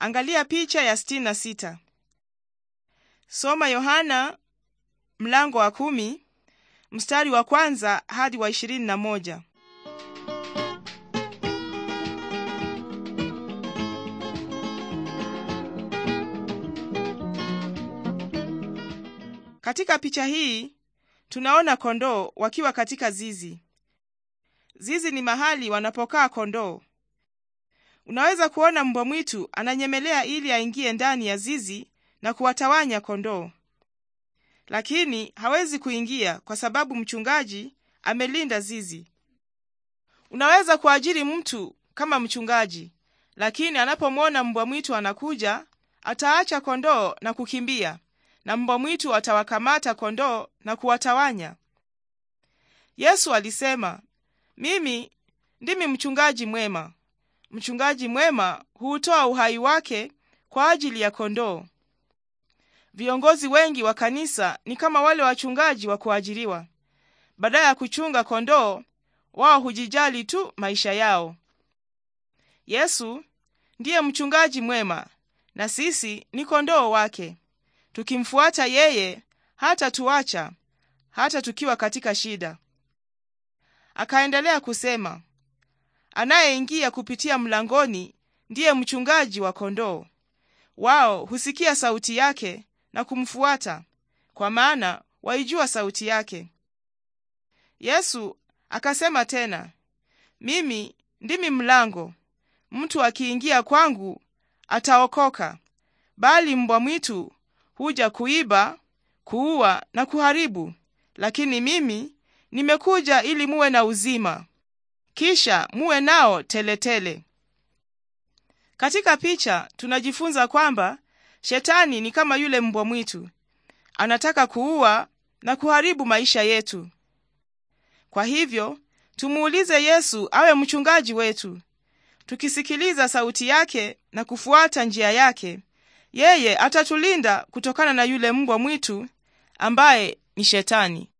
Angalia picha ya sitini na sita. Soma Yohana mlango wa kumi mstari wa kwanza hadi wa ishirini na moja. Katika picha hii tunaona kondoo wakiwa katika zizi. Zizi ni mahali wanapokaa kondoo. Unaweza kuona mbwa mwitu ananyemelea ili aingie ndani ya zizi na kuwatawanya kondoo, lakini hawezi kuingia kwa sababu mchungaji amelinda zizi. Unaweza kuajiri mtu kama mchungaji, lakini anapomwona mbwa mwitu anakuja, ataacha kondoo na kukimbia, na mbwa mwitu atawakamata kondoo na kuwatawanya. Yesu alisema, mimi ndimi mchungaji mwema. Mchungaji mwema huutoa uhai wake kwa ajili ya kondoo. Viongozi wengi wa kanisa ni kama wale wachungaji wa kuajiriwa. Badala ya kuchunga kondoo, wao hujijali tu maisha yao. Yesu ndiye mchungaji mwema na sisi ni kondoo wake. Tukimfuata yeye, hata tuacha hata tukiwa katika shida. Akaendelea kusema, Anayeingia kupitia mlangoni ndiye mchungaji wa kondoo. Wao husikia sauti yake na kumfuata, kwa maana waijua sauti yake. Yesu akasema tena, mimi ndimi mlango. Mtu akiingia kwangu ataokoka, bali mbwa mwitu huja kuiba, kuua na kuharibu, lakini mimi nimekuja ili muwe na uzima kisha muwe nao teletele Katika picha tunajifunza kwamba shetani ni kama yule mbwa mwitu, anataka kuua na kuharibu maisha yetu. Kwa hivyo tumuulize Yesu awe mchungaji wetu. Tukisikiliza sauti yake na kufuata njia yake, yeye atatulinda kutokana na yule mbwa mwitu ambaye ni shetani.